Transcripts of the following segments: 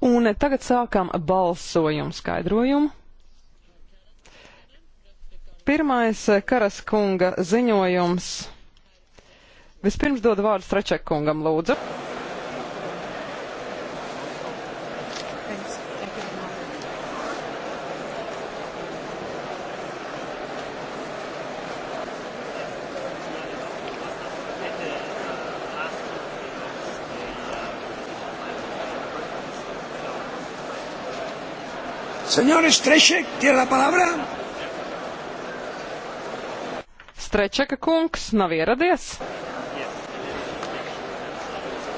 Un tagad sākam balsojumu skaidrojumu. Pirmais Karaskunga ziņojums. Vispirms dod vārdu Strečekungam, lūdzu. Señor Streček, tiene la palabra. Strečeka kungs nav ieradies.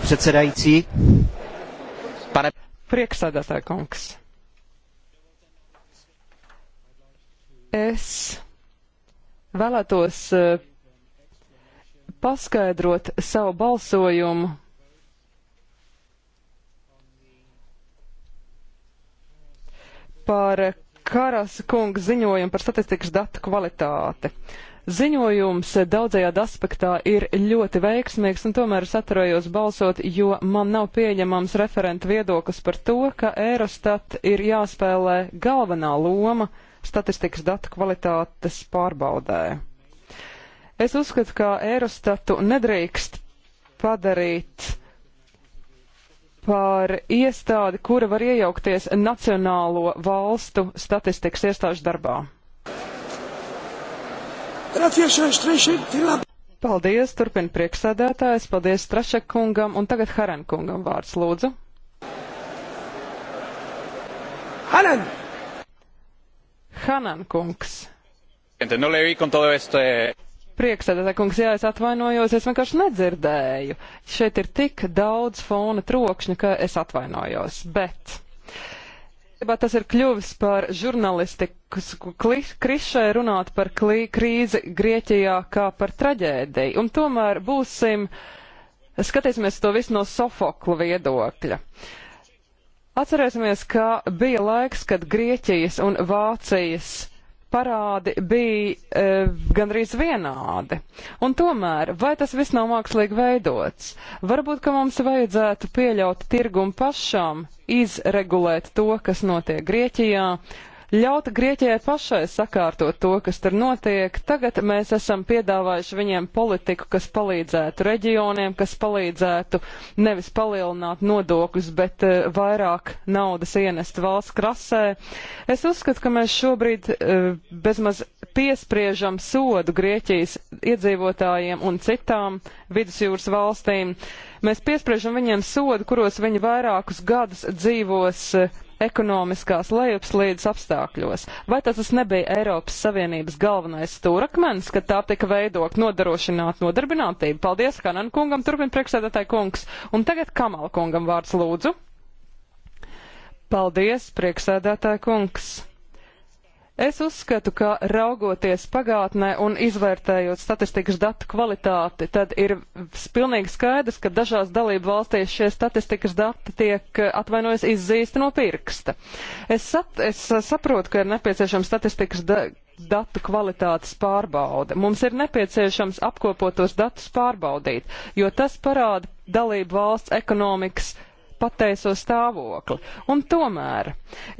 Předsedající, pane. Prieksēdētāja kungs. Es vēlētos eh, paskaidrot savu balsojumu par Karas kunga ziņojumu par statistikas datu kvalitāti. Ziņojums daudzajādi aspektā ir ļoti veiksmīgs, un tomēr es atturējos balsot, jo man nav pieņemams referenta viedoklis par to, ka Eurostat ir jāspēlē galvenā loma statistikas datu kvalitātes pārbaudē. Es uzskatu, ka Eurostatu nedrīkst padarīt par iestādi, kura var iejaukties Nacionālo valstu statistikas iestāžu darbā. Paldies, turpina prieksēdētājs, paldies Trašekungam un tagad Harenkungam vārds lūdzu. Haren! Hanan kungs. No le vi con todo esto. Eh... Priekšsēdētāj, kungs, jā, es atvainojos, es vienkārši nedzirdēju. Šeit ir tik daudz fona trokšņa, ka es atvainojos, bet. Tas ir kļuvis par žurnalistikas krišai runāt par klī, krīzi Grieķijā kā par traģēdiju. Un tomēr būsim, skatīsimies to visu no Sofokla viedokļa. Atcerēsimies, ka bija laiks, kad Grieķijas un Vācijas parādi bija e, gandrīz vienādi. Un tomēr, vai tas viss nav mākslīgi veidots? Varbūt, ka mums vajadzētu pieļaut tirgumu pašam, izregulēt to, kas notiek Grieķijā, ļauta Grieķijai pašai sakārtot to, kas tur notiek. Tagad mēs esam piedāvājuši viņiem politiku, kas palīdzētu reģioniem, kas palīdzētu nevis palielināt nodokļus, bet eh, vairāk naudas ienest valsts krasē. Es uzskatu, ka mēs šobrīd eh, bezmaz piespriežam sodu Grieķijas iedzīvotājiem un citām vidusjūras valstīm. Mēs piespriežam viņiem sodu, kuros viņi vairākus gadus dzīvos uh, ekonomiskās lejupslīdes apstākļos. Vai tas, tas nebija Eiropas Savienības galvenais stūrakmens, ka tā tika veidot nodrošināt nodarbinātību? Paldies Hanan kungam, turpin priekšsēdētāji kungs. Un tagad Kamala kungam vārds lūdzu. Paldies, priekšsēdētāji kungs. Es uzskatu, ka raugoties pagātnē un izvērtējot statistikas datu kvalitāti, tad ir pilnīgi skaidrs, ka dažās dalību valstīs šie statistikas dati tiek eh, atvainojas izzīsti no pirksta. Es, sat, es saprotu, ka ir nepieciešama statistikas da datu kvalitātes pārbauda. Mums ir nepieciešams apkopotos datus pārbaudīt, jo tas parāda dalību valsts ekonomikas pateiso stāvokli. Un tomēr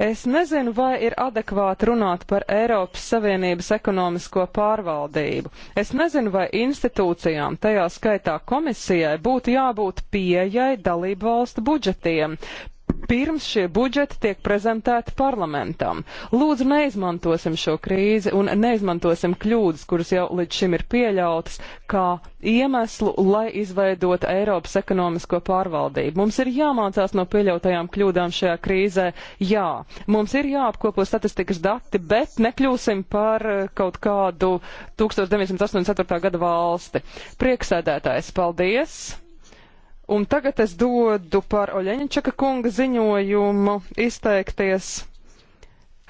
es nezinu, vai ir adekvāti runāt par Eiropas Savienības ekonomisko pārvaldību. Es nezinu, vai institūcijām, tajā skaitā komisijai, būtu jābūt pieejai dalību valstu budžetiem pirms šie budžeti tiek prezentēti parlamentam. Lūdzu, neizmantosim šo krīzi un neizmantosim kļūdas, kuras jau līdz šim ir pieļautas, kā iemeslu, lai izveidotu Eiropas ekonomisko pārvaldību. Mums ir jāmācās no pieļautajām kļūdām šajā krīzē. Jā, mums ir jāapkopo statistikas dati, bet nekļūsim par kaut kādu 1984. gada valsti. Prieksēdētājs, paldies! Un tagad es dodu par Oļeņčaka kunga ziņojumu izteikties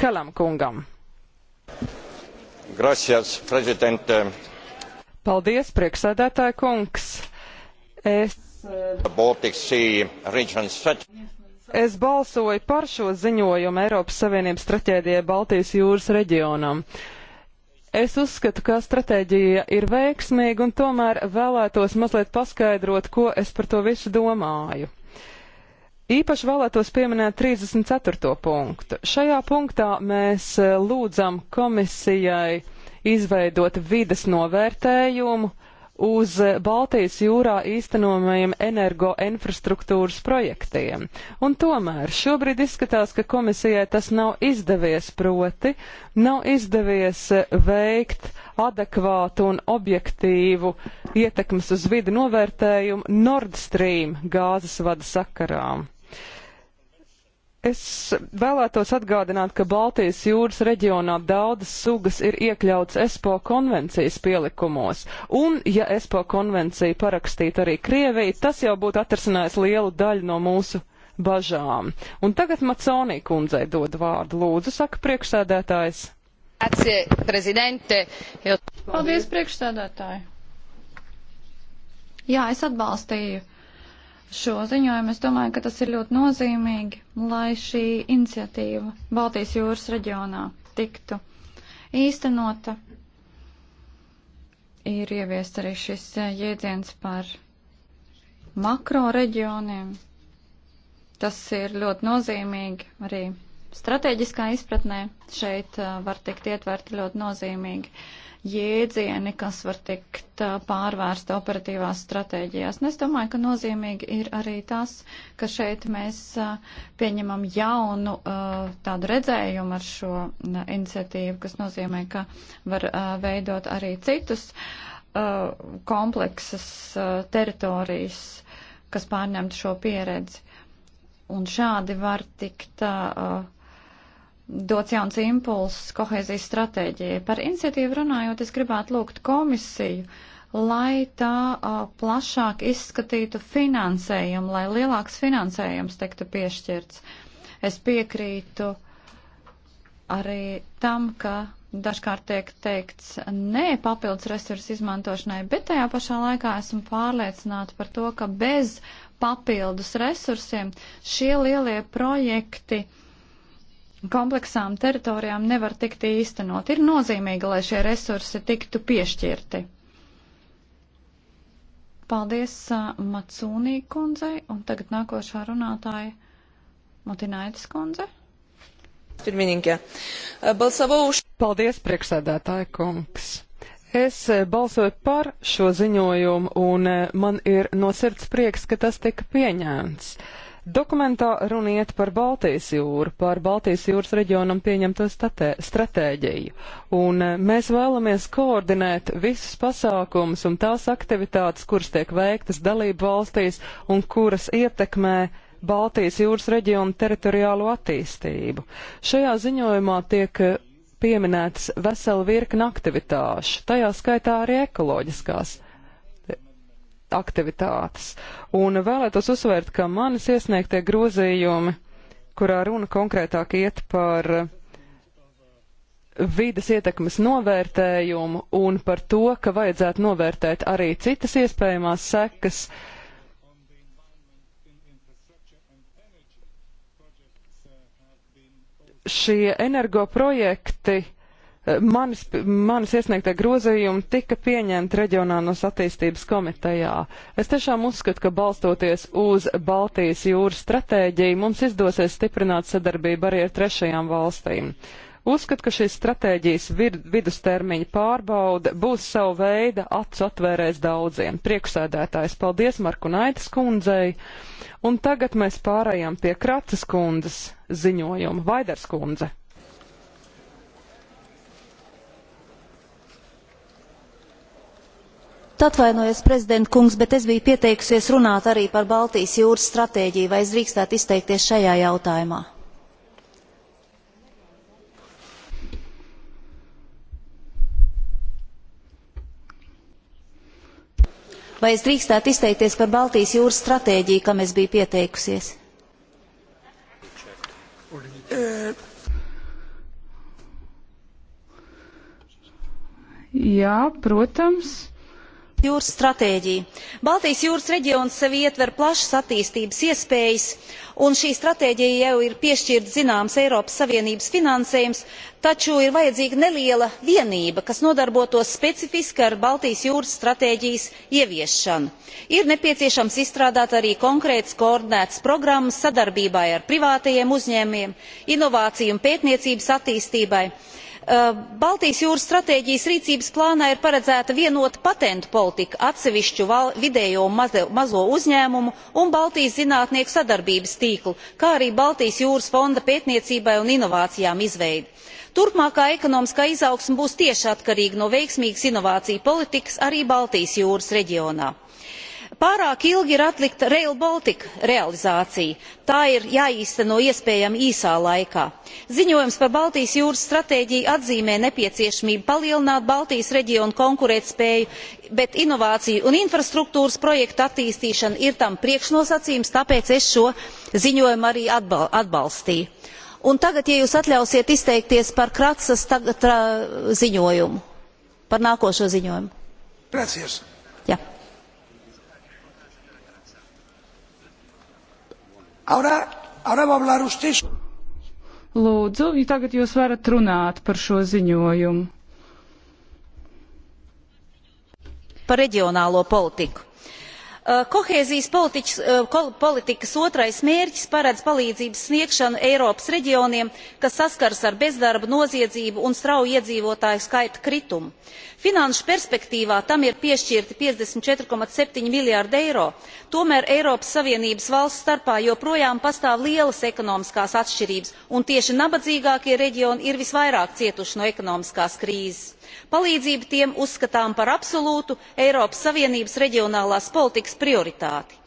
Kalam kungam. Gracias, prezidente. Paldies, prieksēdētāja kungs. Es, es balsoju par šo ziņojumu Eiropas Savienības traķēdijai Baltijas jūras reģionam. Uh, Es uzskatu, ka stratēģija ir veiksmīga, un tomēr vēlētos mazliet paskaidrot, ko es par to visu domāju. Īpaši vēlētos pieminēt 34. punktu. Šajā punktā mēs eh, lūdzam komisijai izveidot vides novērtējumu, uz Baltijas jūrā īstenojamajiem energoinfrastruktūras projektiem. Un tomēr šobrīd izskatās, ka komisijai tas nav izdevies, proti nav izdevies veikt adekvātu un objektīvu ietekmes uz vidi novērtējumu Nord Stream gāzes vada sakarām. Es vēlētos atgādināt, ka Baltijas jūras reģionā daudzas sugas ir iekļauts ESPO konvencijas pielikumos, un ja ESPO konvenciju parakstītu arī Krievija, tas jau būtu atrasinājis lielu daļu no mūsu bažām. Un tagad Maconī kundzei dod vārdu. Lūdzu, saka priekšsēdētājs. Paldies, priekšsēdētāji. Jā, es atbalstīju šo ziņojumu. Es domāju, ka tas ir ļoti nozīmīgi, lai šī iniciatīva Baltijas jūras reģionā tiktu īstenota. Ir ieviest arī šis jēdziens par makro reģioniem. Tas ir ļoti nozīmīgi arī strateģiskā izpratnē. Šeit uh, var tikt ietverti ļoti nozīmīgi jēdzieni, kas var tikt pārvērsta operatīvās stratēģijās. Un es domāju, ka nozīmīgi ir arī tas, ka šeit mēs pieņemam jaunu tādu redzējumu ar šo iniciatīvu, kas nozīmē, ka var veidot arī citus kompleksas teritorijas, kas pārņemt šo pieredzi. Un šādi var tikt uh, dots jauns impulss kohēzijas stratēģijai. Par iniciatīvu runājot, es gribētu lūgt komisiju, lai tā uh, plašāk izskatītu finansējumu, lai lielāks finansējums tiktu piešķirts. Es piekrītu arī tam, ka dažkārt tiek teikts nē papildus resursu izmantošanai, bet tajā pašā laikā esmu pārliecināta par to, ka bez papildus resursiem šie lielie projekti uh, kompleksām teritorijām nevar tikt īstenot. Ir nozīmīgi, lai šie resursi tiktu piešķirti. Paldies uh, Macūnī kundzei, un tagad nākošā runātāja Mutinaitis kundze. Pirmininkė, balsavau už. Paldies, priekšsēdētāja kungs. Es balsoju par šo ziņojumu, un man ir no sirds prieks, ka tas tika pieņēmts. Uh, Dokumentā runiet par Baltijas jūru, par Baltijas jūras reģionam pieņemto stratēģiju, un e, mēs vēlamies koordinēt visus pasākumus un tās aktivitātes, kuras tiek veiktas dalību valstīs un kuras ietekmē Baltijas jūras reģionu teritoriālo attīstību. Šajā ziņojumā tiek e, pieminētas vesela virkna aktivitāšu, tajā skaitā arī ekoloģiskās aktivitātes. Un vēlētos uzsvērt, ka manis iesniegtie grozījumi, kurā runa konkrētāk iet par vidas ietekmes novērtējumu un par to, ka vajadzētu novērtēt arī citas iespējamās sekas, šie energoprojekti projekti manis, manis iesniegtie grozījumi tika pieņemti reģionālās attīstības komitejā. Es tiešām uzskatu, ka balstoties uz Baltijas jūras stratēģiju mums izdosies stiprināt sadarbību arī ar trešajām valstīm. Uzskatu, ka šīs stratēģijas vid vidustermiņa pārbauda būs savu veidu acu atvērēs daudziem. Priekšsēdētājs, paldies Marku Naitas kundzei. Un tagad mēs pārējām pie Kratas kundzes ziņojuma. Vaidars kundze. Atvainojos, prezident kungs, bet es biju pieteikusies runāt arī par Baltijas jūras stratēģiju. Vai es drīkstētu izteikties šajā jautājumā? vai es drīkstētu izteikties par Baltijas jūras stratēģiju, kam es biju pieteikusies? Jā, protams jūras stratēģiju. Baltijas jūras reģions sevi ietver plašas attīstības iespējas, un šī stratēģija jau ir piešķirts zināms Eiropas Savienības finansējums, taču ir vajadzīga neliela vienība, kas nodarbotos specifiski ar Baltijas jūras stratēģijas ieviešanu. Ir nepieciešams izstrādāt arī konkrētas koordinētas programmas sadarbībai ar privātajiem uzņēmumiem, inovāciju un pētniecības attīstībai. Eh, baltijas jūras stratēģijas rīcības plānā ir paredzēta vienota patentu politika atsevišķu vidējo un mazo uzņēmumu un baltijas zinātnieku sadarbības tīklu kā arī baltijas jūras fonda pētniecībai un inovācijām izveidi. turpmākā ekonomiskā izaugsme būs tieši atkarīga no veiksmīgas inovāciju politikas arī baltijas jūras reģionā pārāk ilgi ir atlikta rail baltica realizācija tā ir jāīsteno iespējami īsā laikā. ziņojums par baltijas jūras stratēģiju atzīmē nepieciešamību palielināt baltijas reģiona konkurētspēju bet inovāciju un infrastruktūras projektu attīstīšana ir tam priekšnosacījums tāpēc es šo ziņojumu arī atbal atbalstīju. Un tagad ja jūs atļausiet izteikties par kratsas ziņojumu par nākošo ziņojumu. Gracias. Jā. Ja. Ahora, ahora va hablar usted. Lūdzu, ja tagad jūs varat runāt par šo ziņojumu. Par reģionālo politiku Eh, kohēzijas politiķis, eh, politikas otrais mērķis paredz palīdzības sniegšanu eiropas reģioniem kas saskaras ar bezdarbu noziedzību un strauju iedzīvotāju skaita kritumu. finanšu perspektīvā tam ir piešķirti fifty four seven miljardi eiro tomēr eiropas savienības valstu starpā joprojām pastāv lielas ekonomiskās atšķirības un tieši nabadzīgākie reģioni ir visvairāk cietuši no ekonomiskās krīzes palīdzība tiem uzskatām par absolūtu eiropas savienības reģionālās politikas prioritāti.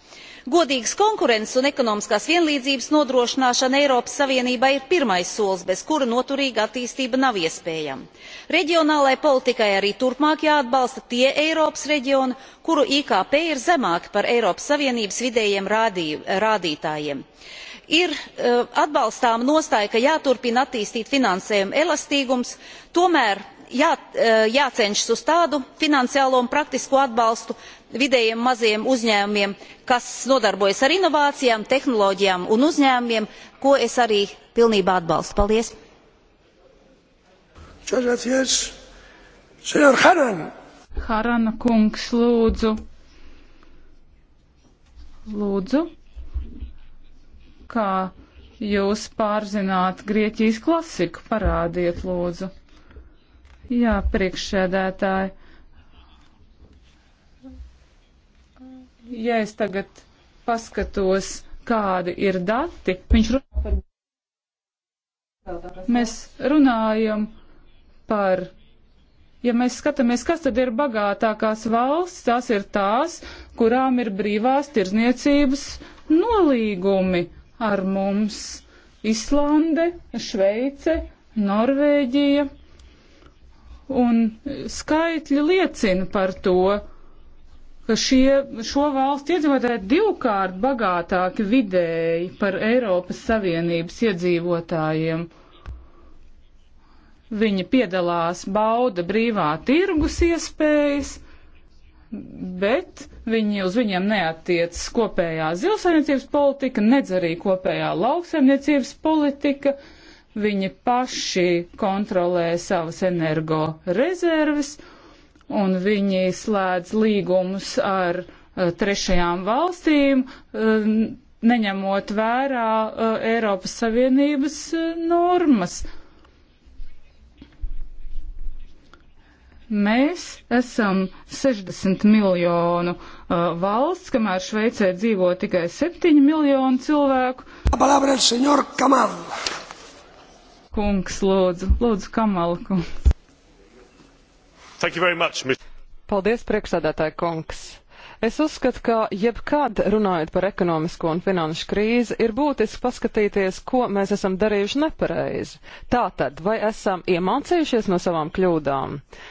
godīgas konkurences un ekonomiskās vienlīdzības nodrošināšana eiropas savienībā ir pirmais solis bez kura noturīga attīstība nav iespējama. reģionālajai politikai arī turpmāk jāatbalsta tie eiropas reģioni kuru ikp ir zemāki par eiropas savienības vidējiem rādī, rādītājiem ir uh, eh, atbalstāma nostāja ka jāturpina attīstīt finansējuma elastīgums tomēr jā, e, jācenšas uz tādu finansiālo un praktisko atbalstu vidējiem mazajiem uzņēmumiem kas nodarbojas ar inovācijām tehnoloģijām un uzņēmumiem ko es arī pilnībā atbalstu. paldies! Harana kungs, lūdzu. Lūdzu, kā jūs pārzināt Grieķijas klasiku, parādiet, lūdzu. Jā, priekšsēdētāji. Ja es tagad paskatos, kādi ir dati, viņš runā par. Mēs runājam par ja mēs skatāmies, kas tad ir bagātākās valsts, tās ir tās, kurām ir brīvās tirzniecības nolīgumi ar mums - Islande, Šveice, Norvēģija. Un skaitļi liecina par to, ka šie, šo valstu iedzīvotāji ir divkārt bagātāki vidēji par Eiropas Savienības iedzīvotājiem. Viņi piedalās, bauda brīvā tirgus iespējas, bet viņi uz viņiem neatiecas kopējā zilsainiecības politika, nedz arī kopējā lauksainiecības politika Viņi paši kontrolē savas energo rezerves un viņi slēdz līgumus ar uh, trešajām valstīm, uh, neņemot vērā uh, Eiropas Savienības normas. Mēs esam 60 miljonu uh, valsts, kamēr Šveicē dzīvo tikai 7 miljonu cilvēku. La palabra el señor Kamal kungs lūdzu. Lūdzu, Kamala kungs. Much, Paldies, priekšsēdētāji kungs. Es uzskatu, ka jebkad runājot par ekonomisko un finanšu krīzi, ir būtiski paskatīties, ko mēs esam darījuši nepareizi. Tātad, vai esam iemācījušies no savām kļūdām? Uh,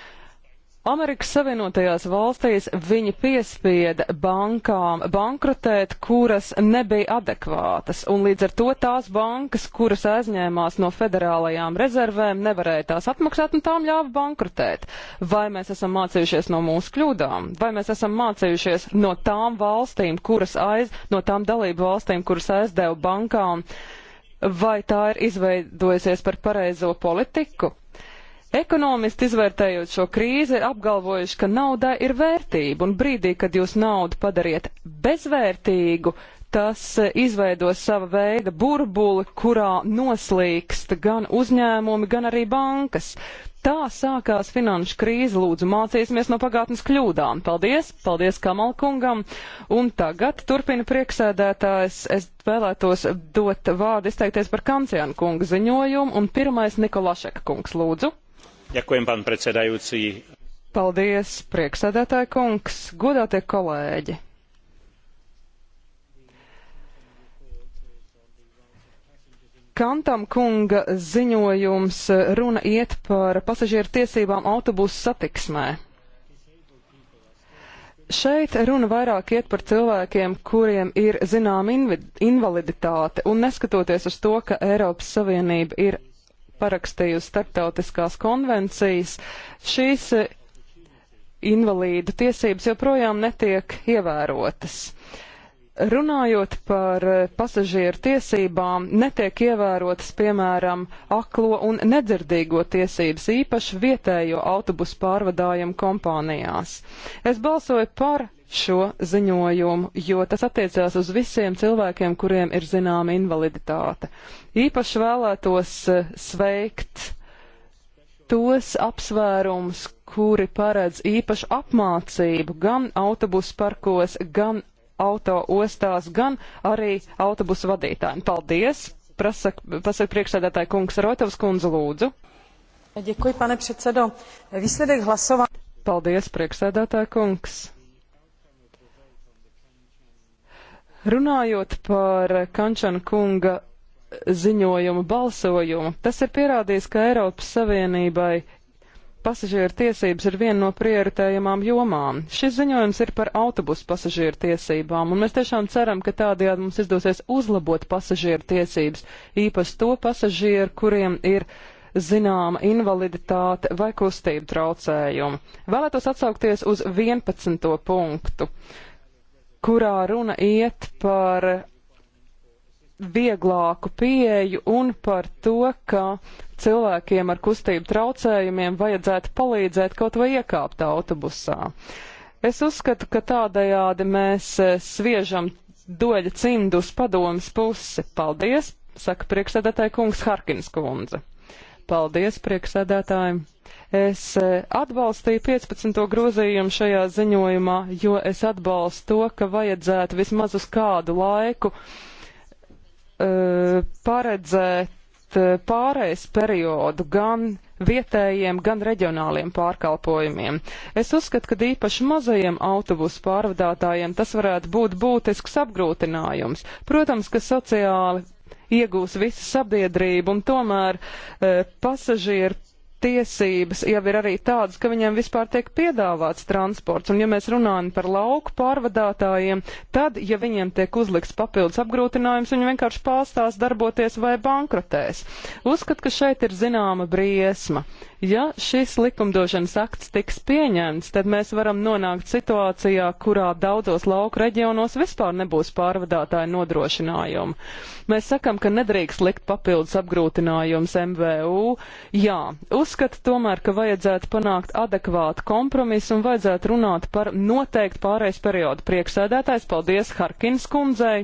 Amerikas Savienotajās valstīs viņi piespieda bankām bankrotēt, kuras nebija adekvātas, un līdz ar to tās bankas, kuras aizņēmās no federālajām rezervēm, nevarēja tās atmaksāt un tām ļāva bankrotēt. Vai mēs esam mācījušies no mūsu kļūdām? Vai mēs esam mācījušies no tām valstīm, kuras aiz, no tām dalību valstīm, kuras aizdeva bankām? Vai tā ir izveidojusies par pareizo politiku? Uh, Ekonomisti, izvērtējot šo krīzi, ir apgalvojuši, ka naudai ir vērtība, un brīdī, kad jūs naudu padariet bezvērtīgu, tas eh, izveido sava veida burbuli, kurā noslīkst gan uzņēmumi, gan arī bankas. Tā sākās finanšu krīze, lūdzu mācīsimies no pagātnes kļūdām. Paldies, paldies Kamalkungam. Un tagad turpina prieksēdētājs. Es vēlētos dot vārdu izteikties par Kanciānu kungu ziņojumu un pirmais Nikolašeka kungs, lūdzu. Ďakujem, pán predsedajúci. Paldies, prieksēdētāja kungs, godātie kolēģi. Kantam kunga ziņojums runa iet par pasažieru tiesībām autobusu satiksmē. Šeit runa vairāk iet par cilvēkiem, kuriem ir zinām invaliditāte, un neskatoties uz to, ka Eiropas Savienība ir parakstījusi starptautiskās konvencijas, šīs eh, invalīdu tiesības joprojām netiek ievērotas. Runājot par eh, pasažieru tiesībām, netiek ievērotas, piemēram, aklo un nedzirdīgo tiesības, īpaši vietējo autobusu pārvadājumu kompānijās. Es balsoju par šo ziņojumu, jo tas attiecās uz visiem cilvēkiem, kuriem ir zināma invaliditāte. Īpaši vēlētos eh, sveikt tos apsvērums, kuri paredz īpašu apmācību gan autobusu parkos, gan auto ostās, gan arī autobusu vadītājiem. Paldies! Prasak, pasak priekšsēdētāja kungs Rotovs kundze lūdzu. Děkuji, pane předsedo. Výsledek hlasování. Paldies, priekšsēdētāja kungs. Runājot par Kančana kunga ziņojumu balsojumu, tas ir pierādījis, ka Eiropas Savienībai pasažieru tiesības ir viena no prioritējumām jomām. Šis ziņojums ir par autobusu pasažieru tiesībām, un mēs tiešām ceram, ka tādējādi mums izdosies uzlabot pasažieru tiesības, īpaši to pasažieru, kuriem ir zināma invaliditāte vai kustību traucējumi. Vēlētos atsaukties uz 11. punktu kurā runa iet par vieglāku pieeju un par to, ka cilvēkiem ar kustību traucējumiem vajadzētu palīdzēt kaut vai iekāpt autobusā. Es uzskatu, ka tādējādi mēs e, sviežam doļa cimdu uz padomas pusi. Paldies, saka priekšsēdētāja kungs Harkins kundze. Paldies, priekšsēdētāji. Es eh, atbalstīju 15. grozījumu šajā ziņojumā, jo es atbalstu to, ka vajadzētu vismaz uz kādu laiku uh, paredzēt eh, pārējais periodu gan vietējiem, gan reģionāliem pārkalpojumiem. Es uzskatu, ka īpaši mazajiem autobusu pārvadātājiem tas varētu būt būtisks apgrūtinājums. Protams, ka sociāli iegūs visa sabiedrība, un tomēr e, pasažieri tiesības jau ir arī tādas, ka viņiem vispār tiek piedāvāts transports. Un ja mēs runājam par lauku pārvadātājiem, tad, ja viņiem tiek uzlikts papildus apgrūtinājums, viņi vienkārši pārstās darboties vai bankrotēs. Uzskat, ka šeit ir zināma briesma. Ja šis likumdošanas akts tiks pieņemts, tad mēs varam nonākt situācijā, kurā daudzos lauku reģionos vispār nebūs pārvadātāja nodrošinājumu. Mēs sakam, ka nedrīkst likt papildus apgrūtinājums MVU. Jā, uz uzskatu tomēr, ka vajadzētu panākt adekvātu kompromisu un vajadzētu runāt par noteiktu pārējais periodu priekšsēdētājs. Paldies Harkins kundzei!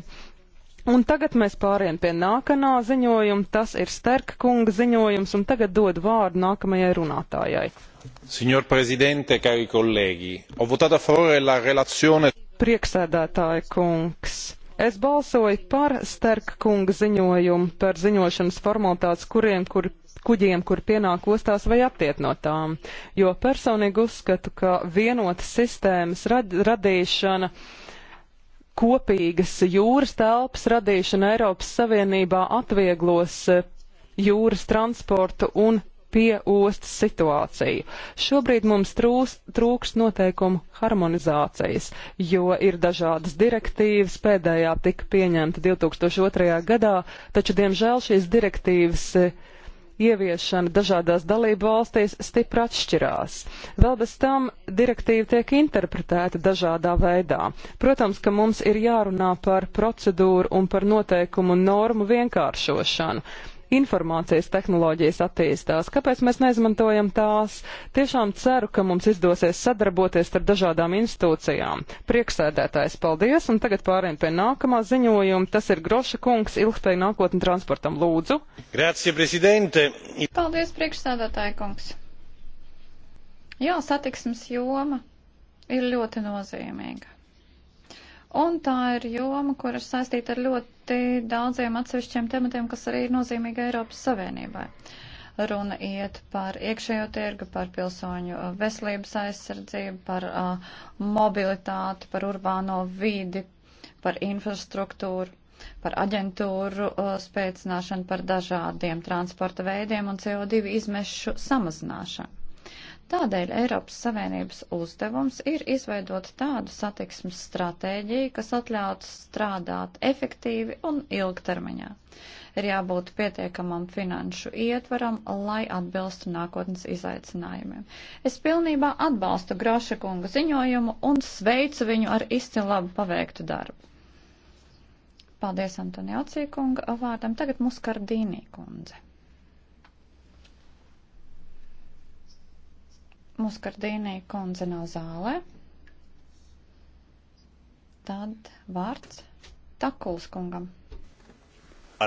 Un tagad mēs pāriem pie nākamā ziņojuma. Tas ir Sterka kunga ziņojums, un tagad dodu vārdu nākamajai runātājai. Signor Presidente, cari colleghi, ho votato a favore la relazione. Prieksēdētāja kungs. Es balsoju par Sterka kunga ziņojumu par ziņošanas formalitātes kuriem, kuri kuģiem, kur pienāk ostās vai attiet no tām. Jo personīgi uzskatu, ka vienotas sistēmas rad radīšana, kopīgas jūras telpas radīšana Eiropas Savienībā atvieglos e, jūras transportu un pie ostas situāciju. Šobrīd mums trūs, trūks noteikumu harmonizācijas, jo ir dažādas direktīvas, pēdējā tika pieņemta 2002. gadā, taču, diemžēl, šīs direktīvas uh, ieviešana dažādās dalību valstīs stipri atšķirās. Vēl bez tam direktīva tiek interpretēta dažādā veidā. Protams, ka mums ir jārunā par procedūru un par noteikumu normu vienkāršošanu informācijas tehnoloģijas attīstās. Kāpēc mēs neizmantojam tās? Tiešām ceru, ka mums izdosies sadarboties ar dažādām institūcijām. Prieksēdētājs, paldies, un tagad pārējiem pie nākamā ziņojuma. Tas ir Groša kungs, ilgspēja nākotni transportam. Lūdzu. Grazie, prezidente. Paldies, priekšsēdētāja kungs. Jā, satiksmes joma ir ļoti nozīmīga. Un tā ir joma, kur ir saistīta ar ļoti daudziem atsevišķiem tematiem, kas arī ir nozīmīgi Eiropas Savienībai. Runa iet par iekšējo tirgu, par pilsoņu uh, veselības aizsardzību, par uh, mobilitāti, par urbāno vidi, par infrastruktūru par aģentūru uh, spēcināšanu, par dažādiem transporta veidiem un CO2 izmešu samazināšanu. Tādēļ Eiropas Savienības uzdevums ir izveidot tādu satiksmes stratēģiju, kas atļautu strādāt efektīvi un ilgtermiņā. Ir jābūt pietiekamam finanšu ietvaram, lai atbilstu nākotnes izaicinājumiem. Es pilnībā atbalstu Groša kunga ziņojumu un sveicu viņu ar izcilabu paveiktu darbu. Paldies Antoni Acīkunga vārdam. Tagad Muskardīnī kundze. Muskardīnī kundze nav zālē. Tad vārds Takuls kungam.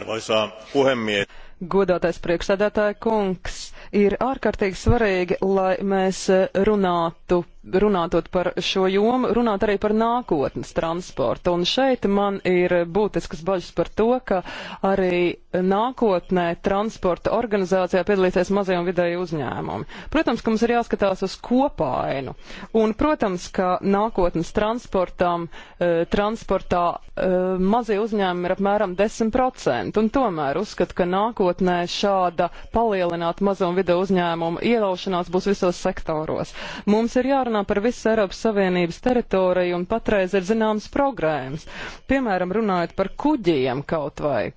Arvoisā puhemies. Godātais priekšsēdētāja kungs, ir ārkārtīgi svarīgi, lai mēs runātu runātot par šo jomu, runāt arī par nākotnes transportu. Un šeit man ir būtiskas bažas par to, ka arī nākotnē transporta organizācijā piedalīsies mazie un vidēji uzņēmumi. Protams, ka mums ir jāskatās uz kopainu. Un, protams, ka nākotnes transportam, eh, transportā eh, mazie uzņēmumi ir apmēram 10%. Un tomēr uzskatu, ka nākotnē šāda palielināta mazo un vidēju uzņēmumu ielaušanās būs visos sektoros. Mums ir jārunā runā par visu Eiropas Savienības teritoriju un patreiz ir zināms progrēms. Piemēram, runājot par kuģiem kaut vai.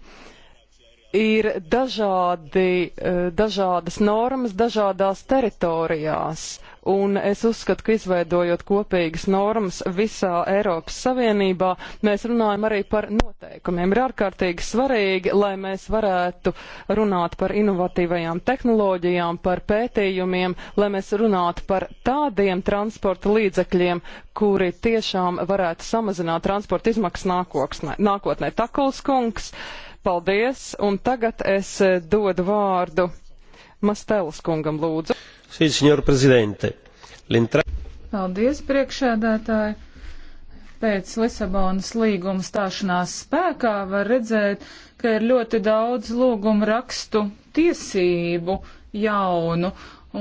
Ir dažādi, eh, dažādas normas dažādās teritorijās, un es uzskatu, ka izveidojot kopīgas normas visā Eiropas Savienībā, mēs runājam arī par noteikumiem. Ir ārkārtīgi svarīgi, lai mēs varētu runāt par inovatīvajām tehnoloģijām, par pētījumiem, lai mēs runātu par tādiem transporta līdzekļiem, kuri tiešām varētu samazināt transporta izmaksas nākotnē. nākotnē. Takuls kungs, paldies, un tagad es dodu vārdu Mastelas kungam lūdzu. Sí, senor prezidente. Lentra... Paldies, priekšēdētāji. Pēc Lisabonas līguma stāšanās spēkā var redzēt, ka ir ļoti daudz lūgumu rakstu tiesību jaunu,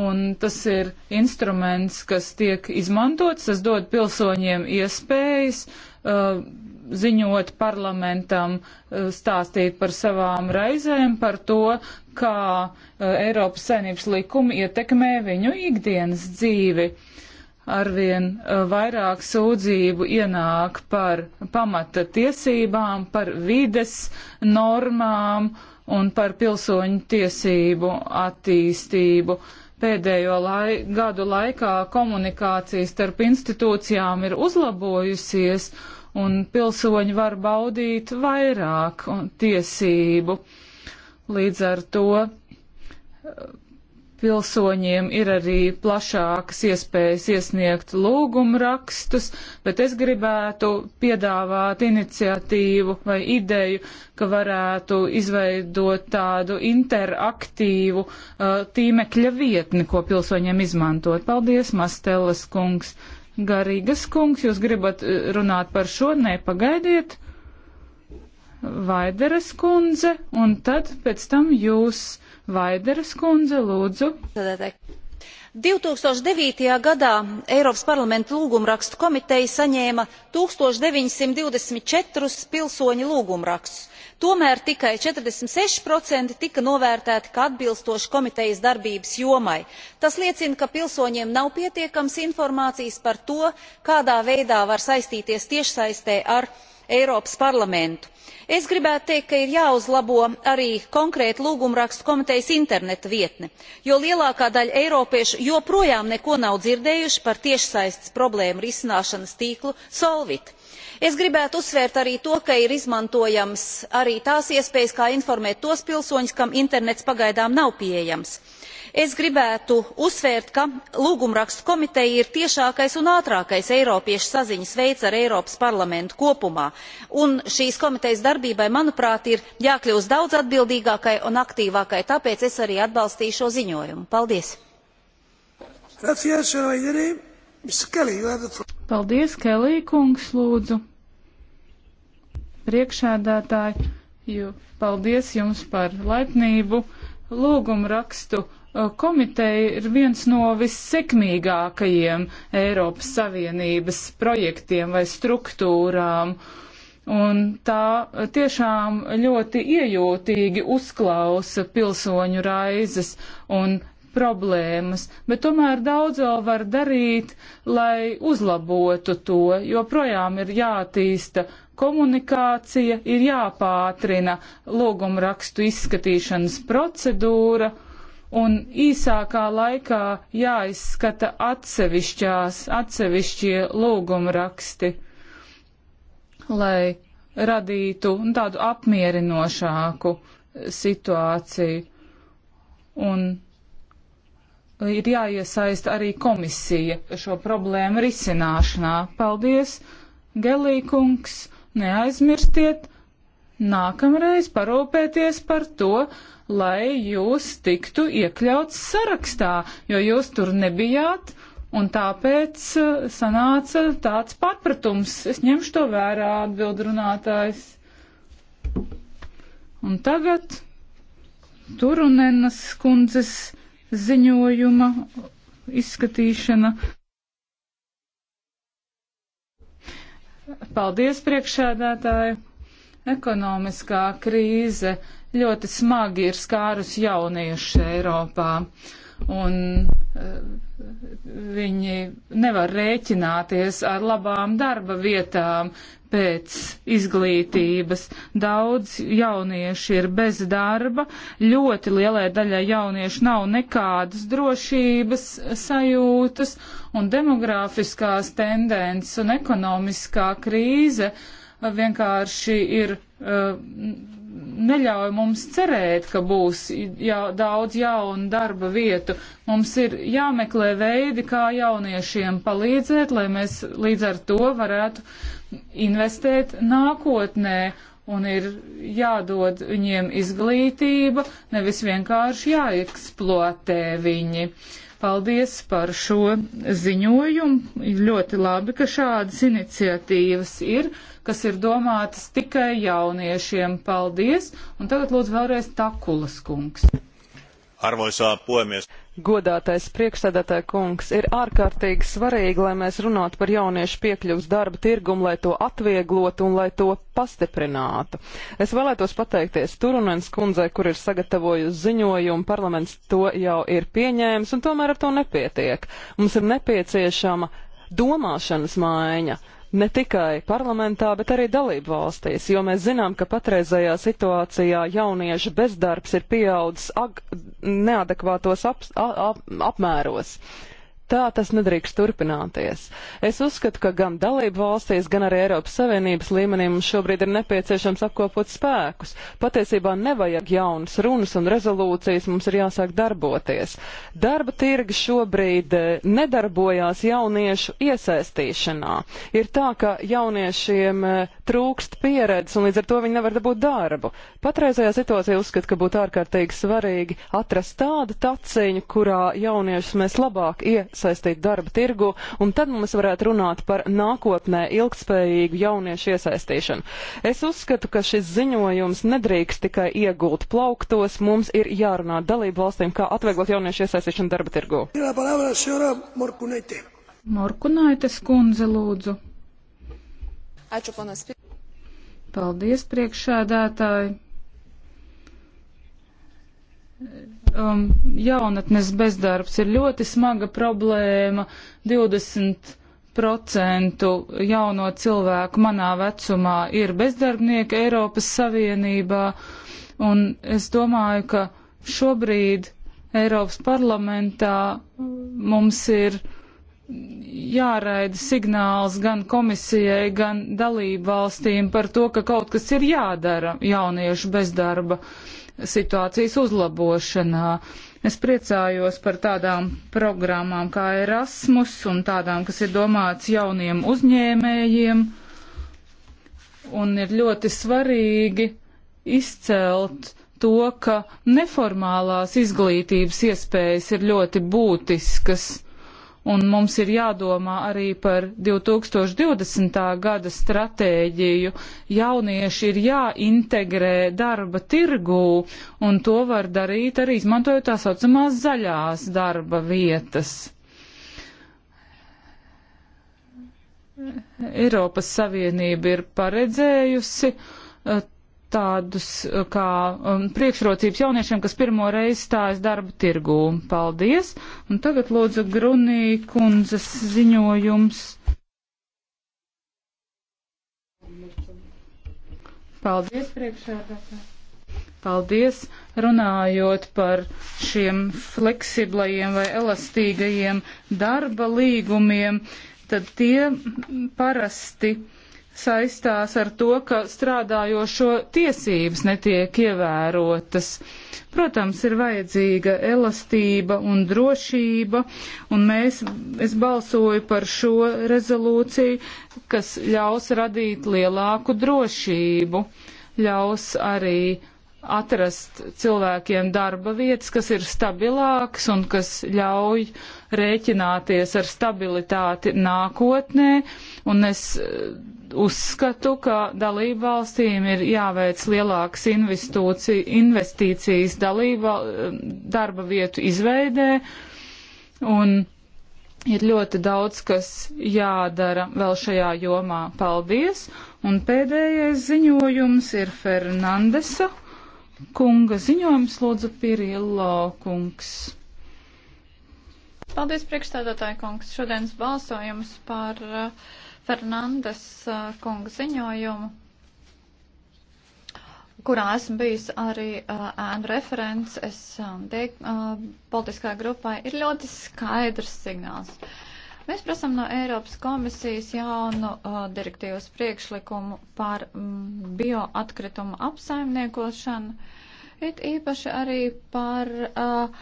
un tas ir instruments, kas tiek izmantots, tas dod pilsoņiem iespējas uh, ziņot parlamentam, eh, stāstīt par savām raizēm, par to, kā eh, Eiropas saimnības likumi ietekmē viņu ikdienas dzīvi. Arvien eh, vairāk sūdzību ienāk par pamata tiesībām, par vides normām un par pilsoņu tiesību attīstību pēdējo lai, gadu laikā komunikācija starp institūcijām ir uzlabojusies, un pilsoņi var baudīt vairāk tiesību. Līdz ar to eh, pilsoņiem ir arī plašākas iespējas iesniegt lūgumu rakstus, bet es gribētu piedāvāt iniciatīvu vai ideju, ka varētu izveidot tādu interaktīvu uh, tīmekļa vietni, ko pilsoņiem izmantot. Paldies, Masteles kungs! Garīgas kungs, jūs gribat eh, runāt par šo, nepagaidiet. Vaideres kundze, un tad pēc tam jūs, Vaideres kundze, lūdzu. 2009. gadā Eiropas parlamenta lūgumrakstu komiteja saņēma 1924 pilsoņu lūgumrakstus tomēr tikai četrdesmit seši procenti tika novērtēti kā atbilstoši komitejas darbības jomai. tas liecina ka pilsoņiem nav pietiekamas informācijas par to kādā veidā var saistīties tiešsaistē ar eiropas parlamentu. es gribētu teikt ka ir jāuzlabo arī konkrēti lūgumrakstu komitejas interneta vietne jo lielākā daļa eiropiešu joprojām neko nav dzirdējuši par tiešsaistes problēmu risināšanas tīklu solvit es gribētu uzsvērt arī to ka ir izmantojamas arī tās iespējas kā informēt tos pilsoņus kam internets pagaidām nav pieejams. es gribētu uzsvērt ka lūgumrakstu komiteja ir tiešākais un ātrākais eiropiešu saziņas veids ar eiropas parlamentu kopumā un šīs komitejas darbībai manuprāt ir jākļūst daudz atbildīgākai un aktīvākai tāpēc es arī atbalstīju šo ziņojumu. paldies! Gracias, Kelly, the... Paldies, Kelī, kungs, lūdzu. Priekšēdētāji, jo paldies jums par laipnību. Lūgumu rakstu komiteja ir viens no vissekmīgākajiem Eiropas Savienības projektiem vai struktūrām. Un tā tiešām ļoti iejūtīgi uzklausa pilsoņu raizes un problēmas, bet tomēr daudz vēl var darīt, lai uzlabotu to, jo projām ir jātīsta komunikācija, ir jāpātrina logumrakstu izskatīšanas procedūra un īsākā laikā jāizskata atsevišķās, atsevišķie lūgumraksti, lai radītu nu, tādu apmierinošāku situāciju. Un ir jāiesaista arī komisija šo problēmu risināšanā. Paldies, Gelīkungs! Neaizmirstiet nākamreiz parūpēties par to, lai jūs tiktu iekļauts sarakstā, jo jūs tur nebijāt, un tāpēc eh, sanāca tāds pārpratums. Es ņemšu to vērā, atbild runātājs. Un tagad Turunenas kundzes ziņojuma izskatīšana. Paldies, priekšēdētāji! Ekonomiskā krīze ļoti smagi ir skārus jauniešu Eiropā un eh, viņi nevar rēķināties ar labām darba vietām pēc izglītības. Daudz jaunieši ir bez darba, ļoti lielai daļai jauniešu nav nekādas drošības sajūtas, un demografiskās tendences un ekonomiskā krīze vienkārši ir. Uh, neļauj mums cerēt, ka būs jā, daudz jaunu darba vietu. Mums ir jāmeklē veidi, kā jauniešiem palīdzēt, lai mēs līdz ar to varētu investēt nākotnē. Un ir jādod viņiem izglītība, nevis vienkārši jāeksploatē viņi. Paldies par šo ziņojumu. Ļoti labi, ka šādas iniciatīvas ir kas ir domātas tikai jauniešiem. Paldies! Un tagad lūdzu vēlreiz Takulas kungs. Arvoisā puhemies. Godātais priekšsēdētāja kungs, ir ārkārtīgi svarīgi, lai mēs runātu par jauniešu piekļuvas darba tirgumu, lai to atvieglotu un lai to pastiprinātu. Es vēlētos pateikties Turunens kundzei, kur ir sagatavojusi ziņojumu, parlaments to jau ir pieņēmis, un tomēr ar to nepietiek. Mums ir nepieciešama domāšanas maiņa ne tikai parlamentā, bet arī dalību valstīs, jo mēs zinām, ka patreizajā situācijā jauniešu bezdarbs ir pieaudzis neadekvātos ap, ap, apmēros. Ap Tā tas nedrīkst turpināties. Es uzskatu, ka gan dalību valstīs, gan arī Eiropas Savienības līmenī mums šobrīd ir nepieciešams apkopot spēkus. Patiesībā nevajag jaunas runas un rezolūcijas, mums ir jāsāk darboties. Darba tirgi šobrīd eh, nedarbojās jauniešu iesaistīšanā. Ir tā, ka jauniešiem eh, trūkst pieredzes un līdz ar to viņi nevar dabūt darbu. Patreizajā situācijā uzskatu, ka būtu ārkārtīgi svarīgi atrast tādu taciņu, kurā jauniešus mēs labāk iesaistīsim iesaistīt darba tirgu, un tad mums varētu runāt par nākotnē ilgtspējīgu jauniešu iesaistīšanu. Es uzskatu, ka šis ziņojums nedrīkst tikai iegūt plauktos, mums ir jārunā dalību valstīm, kā atvieglot jauniešu iesaistīšanu darba tirgu. Morkunaitis kundze lūdzu. Aču, panas. Paldies, priekšsēdētāji um, jaunatnes bezdarbs ir ļoti smaga problēma. 20% jauno cilvēku manā vecumā ir bezdarbnieki Eiropas Savienībā, un es domāju, ka šobrīd Eiropas parlamentā mums ir jāraida signāls gan komisijai, gan dalību valstīm par to, ka kaut kas ir jādara jauniešu bezdarba situācijas uzlabošanā. Es priecājos par tādām programmām kā Erasmus un tādām, kas ir domāts jauniem uzņēmējiem. Un ir ļoti svarīgi izcelt to, ka neformālās izglītības iespējas ir ļoti būtiskas un mums ir jādomā arī par 2020. gada stratēģiju. Jaunieši ir jāintegrē darba tirgū, un to var darīt arī izmantojot tā saucamās zaļās darba vietas. Eiropas Savienība ir paredzējusi eh, tādus uh, kā um, priekšrocības jauniešiem, kas pirmo reizi stājas darba tirgū. Paldies! Un tagad lūdzu Grunī kundzes ziņojums. Paldies, priekšsēdētāji! Paldies! Runājot par šiem fleksiblajiem vai elastīgajiem darba līgumiem, tad tie parasti saistās ar to, ka strādājošo tiesības netiek ievērotas. Protams, ir vajadzīga elastība un drošība, un mēs, es balsoju par šo rezolūciju, kas ļaus radīt lielāku drošību, ļaus arī atrast cilvēkiem darba vietas, kas ir stabilāks un kas ļauj rēķināties ar stabilitāti nākotnē. Un es eh, uzskatu, ka dalību valstīm ir jāveic lielākas investīcijas dalība, eh, darba vietu izveidē. Un ir ļoti daudz, kas jādara vēl šajā jomā. Paldies! Un pēdējais ziņojums ir Fernandesa kunga ziņojums lūdzu Pirillo kungs. Paldies, priekšstādātāji kungs. Šodienas balsojums par uh, Fernandes uh, kunga ziņojumu, kurā esmu bijis arī uh, ēnu referents SD um, uh, politiskā grupā, ir ļoti skaidrs signāls. Uh, Mēs prasam no Eiropas komisijas jaunu uh, direktīvas priekšlikumu par mm, bioatkritumu apsaimniekošanu, it īpaši arī par uh,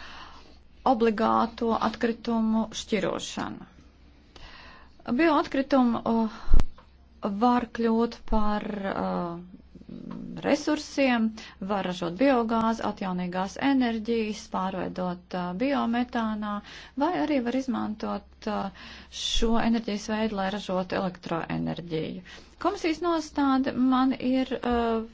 obligāto atkritumu šķirošanu. Bioatkritumu uh, var kļūt par uh, resursiem, var ražot biogāzi, atjaunīgās enerģijas, pārveidot uh, biometānā, vai arī var izmantot uh, šo enerģijas veidu, lai ražotu elektroenerģiju. Komisijas nostāde man ir uh,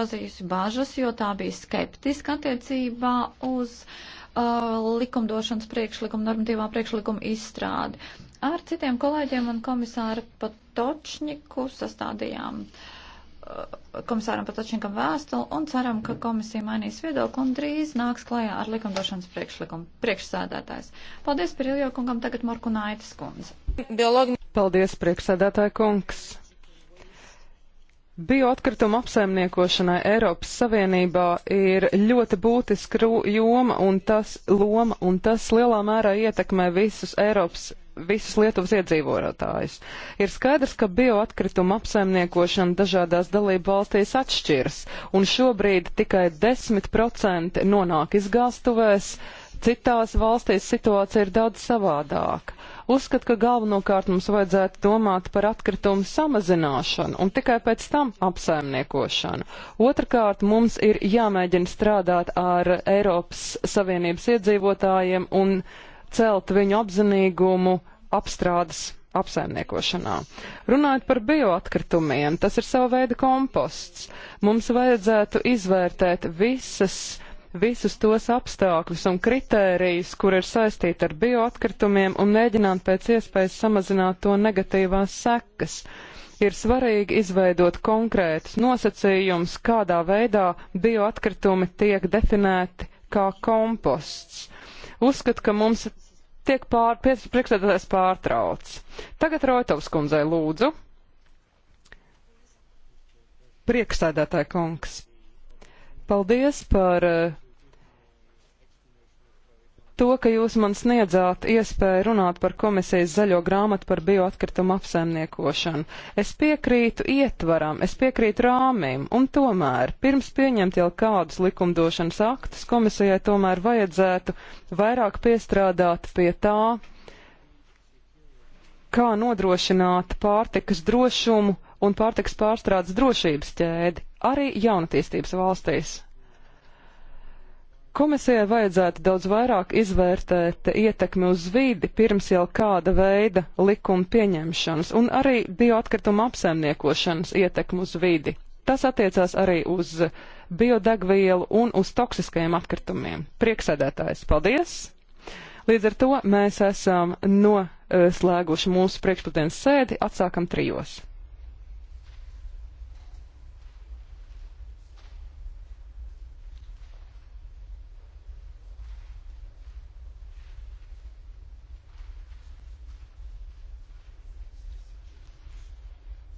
razījusi bažas, jo tā bija skeptiska attiecībā uz uh, likumdošanas priekšlikumu, normatīvā priekšlikuma izstrādi. Ar citiem kolēģiem un komisāru Patočņiku sastādījām uh, komisāram Patočņikam vēstuli un ceram, ka komisija mainīs viedokli un drīz nāks klajā ar likumdošanas priekšlikumu. Priekšsēdētājs. Paldies par Iljokungam, tagad Marku Naitis kundze. Biologi... Paldies, priekšsēdētāja kungs. Bioatkrituma apsaimniekošanai Eiropas Savienībā ir ļoti būtiska joma un tas loma, un tas lielā mērā ietekmē visus Eiropas visus Lietuvas iedzīvotājus. Ir skaidrs, ka bioatkrituma apsaimniekošana dažādās dalību valstīs atšķiras, un šobrīd tikai 10% nonāk izgāstuvēs, citās valstīs situācija ir daudz savādāka. Uzskat, ka galvenokārt mums vajadzētu domāt par atkritumu samazināšanu un tikai pēc tam apsaimniekošanu. Otrakārt, mums ir jāmēģina strādāt ar Eiropas Savienības iedzīvotājiem un celt viņu apzinīgumu apstrādes apsaimniekošanā. Runājot par bioatkritumiem, tas ir sava veida komposts. Mums vajadzētu izvērtēt visas, visus tos apstākļus un kritērijus, kur ir saistīti ar bioatkritumiem un mēģināt pēc iespējas samazināt to negatīvās sekas ir svarīgi izveidot konkrētus nosacījumus, kādā veidā bioatkritumi tiek definēti kā komposts. Uzskat, ka mums tiek pār, priekšsēdētājs pārtrauc. Tagad Roitovs kundzei lūdzu. Priekšsēdētāja kungs. Paldies par uh, to, ka jūs man sniedzāt iespēju runāt par komisijas zaļo grāmatu par bioatkritumu apsaimniekošanu. Es piekrītu ietvaram, es piekrītu rāmīm, un tomēr pirms pieņemt jau kādus likumdošanas aktus, komisijai tomēr vajadzētu vairāk piestrādāt pie tā, kā nodrošināt pārtikas drošumu un pārtikas pārstrādes drošības ķēdi arī jaunatīstības valstīs. Komisijai vajadzētu daudz vairāk izvērtēt ietekmi uz vidi pirms jau kāda veida likuma pieņemšanas un arī bioatkrituma apsaimniekošanas ietekmi uz vidi. Tas attiecās arī uz biodegvielu un uz toksiskajiem atkritumiem. Prieksēdētājs, paldies! Līdz ar to mēs esam noslēguši mūsu priekšpatdienas sēdi, atsākam trijos.